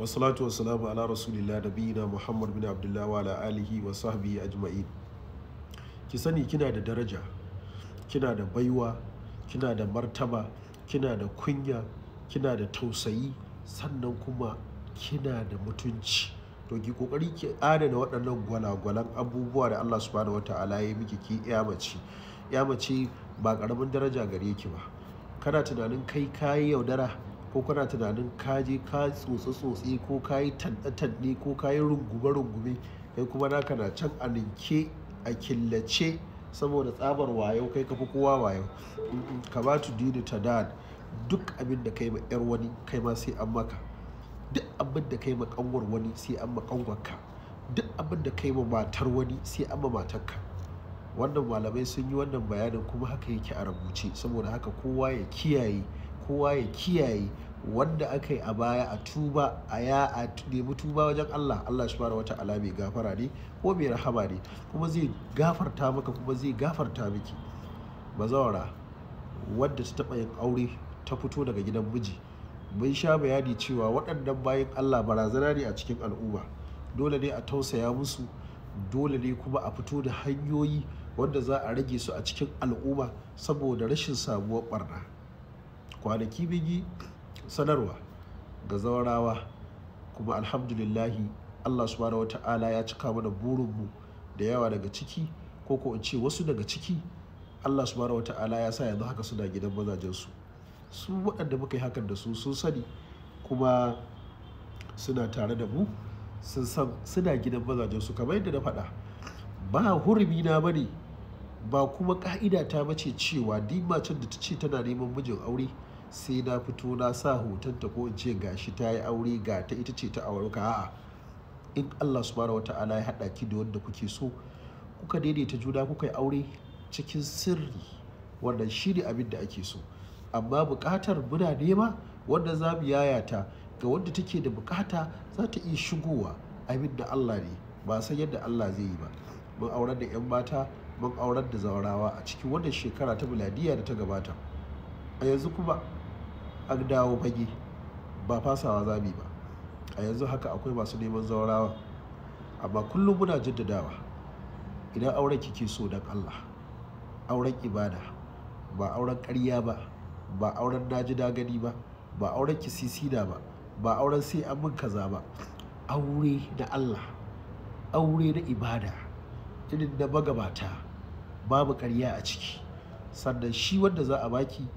wasalatu wasalamu ala rasulillah da biyina muhammad bin abdullahi wa alihi wa sahbihi ajma'in ki sani kina da daraja kina da baiwa kina da martaba kina da kunya kina da tausayi sannan kuma kina da mutunci to ki kokari ki adana waɗannan gwalagwalan abubuwa da Allah subhanahu wataala ya miki ki iya mace ba ƙaramin daraja gare ki ba kana tunanin kai kayi yaudara ko kana tunanin ka je ka tsotse-tsotse ko ka yi tanɗe-tanɗe ko ka yi rungume-rungume kai kuma naka na can a ninke a killace saboda tsabar wayo kai ka fi kowa wayo ka ba tu dini ta dan duk abin da kai ma yar wani kai ma sai an maka duk abin da kai ma kanwar wani sai an ma kanwarka duk abin da kai ma matar wani sai an ma matarka wannan malamai sun yi wannan bayanin kuma haka yake a rubuce saboda haka kowa ya kiyaye kowa ya kiyaye wanda aka yi a baya a tuba a ya a nemi tuba wajen Allah Allah shi fara wata ala mai gafara ne ko mai rahama ne kuma zai gafarta maka kuma zai gafarta miki bazawara wadda ta taba yin aure ta fito daga gidan miji mun sha bayani cewa waɗannan bayan Allah barazana ne a cikin al'umma dole ne a tausaya musu dole ne kuma a fito da hanyoyi wadda za a rage su a cikin al'umma saboda rashin samuwar barna kwanaki bigi sanarwa ga zaurawa kuma alhamdulillahi allah subhanahu wa ta'ala ya cika mana burinmu da yawa daga ciki ko ko ce wasu daga ciki allah subhanahu wa ta'ala ya sa yanzu haka suna gidan mazajensu su waɗanda muka yi hakan da su sun sani kuma suna tare da mu sun san suna gidan mazajensu kamar yadda na faɗa ba hurumi na bane ba kuma ka'ida ta bace cewa duk da ta ce tana neman mijin aure sai na fito na sa hotonta ko in ce ga shi ta yi aure ga ta ita ce ta auruka a'a in Allah su subhanahu wata'ala ya haɗa ki da wanda kuke so kuka daidaita juna kuka yi aure cikin sirri wannan shi ne abin da ake so amma buƙatar muna nema wanda za mu yayata ga wanda take da buƙata za ta iya shigowa abin da Allah ne ba san yadda Allah zai yi ba mun aurar da 'yan mata mun aurar da zaurawa a cikin wannan shekara ta miladiya da ta gabata a yanzu kuma an dawo fage ba fasawa zabi ba a yanzu haka akwai masu neman zaurawa amma kullum muna jaddadawa idan auren kike so don allah auren ibada ba auren ƙarya ba ba auren naji na gani ba ba auren kisisina ba ba auren sai an min kaza ba aure da allah aure na ibada irin da magabata babu karya a ciki sannan shi wanda za a baki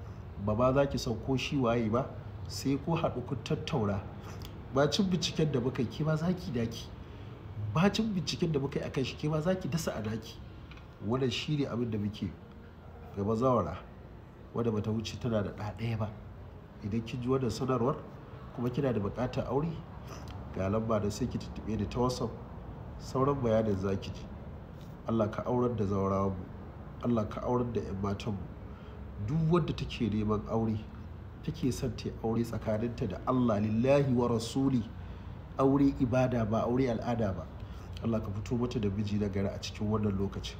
ba ba za ki sauko shi waye ba sai ko haɗu ku tattaura bacin binciken da muka yi ke ba za ki daki bacin binciken da muka yi akan shi ke ba za ki dasa a daki wannan shi ne abin da muke gaba zawara wadda bata wuce tana da ɗaya ba idan kin ji wannan sanarwar kuma kina da buƙatar aure ga lamba da sai ki tuntuɓe da ta wasan sauran bayanin za ki ji Allah ka aurar da zawarawa mu Allah ka aurar da 'yan matanmu duk wadda take neman aure take son ta aure tsakaninta da Allah lillahi wa rasuli aure ibada ba aure al'ada ba Allah ka fito mata da miji na gari a cikin wannan lokaci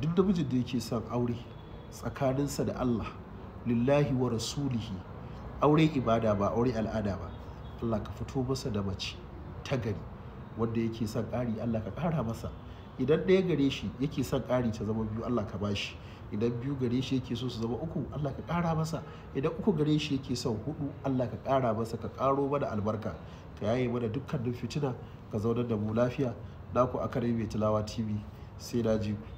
duk da mijin da yake son aure tsakaninsa da Allah lillahi wa rasulihi aure ibada ba aure al'ada ba Allah ka fito masa da mace ta gari wanda yake son ƙari Allah ka ƙara masa idan ɗaya gare shi yake son ƙari ta zama biyu Allah ka bashi idan biyu gare shi yake so su zama uku Allah ka ƙara masa idan uku gare shi yake son hudu Allah ka ƙara masa ka ƙaro mana albarka ka yaye mana dukkanin fitina ka zaunar da mu lafiya naku akare mai tilawa tv sai na ji ku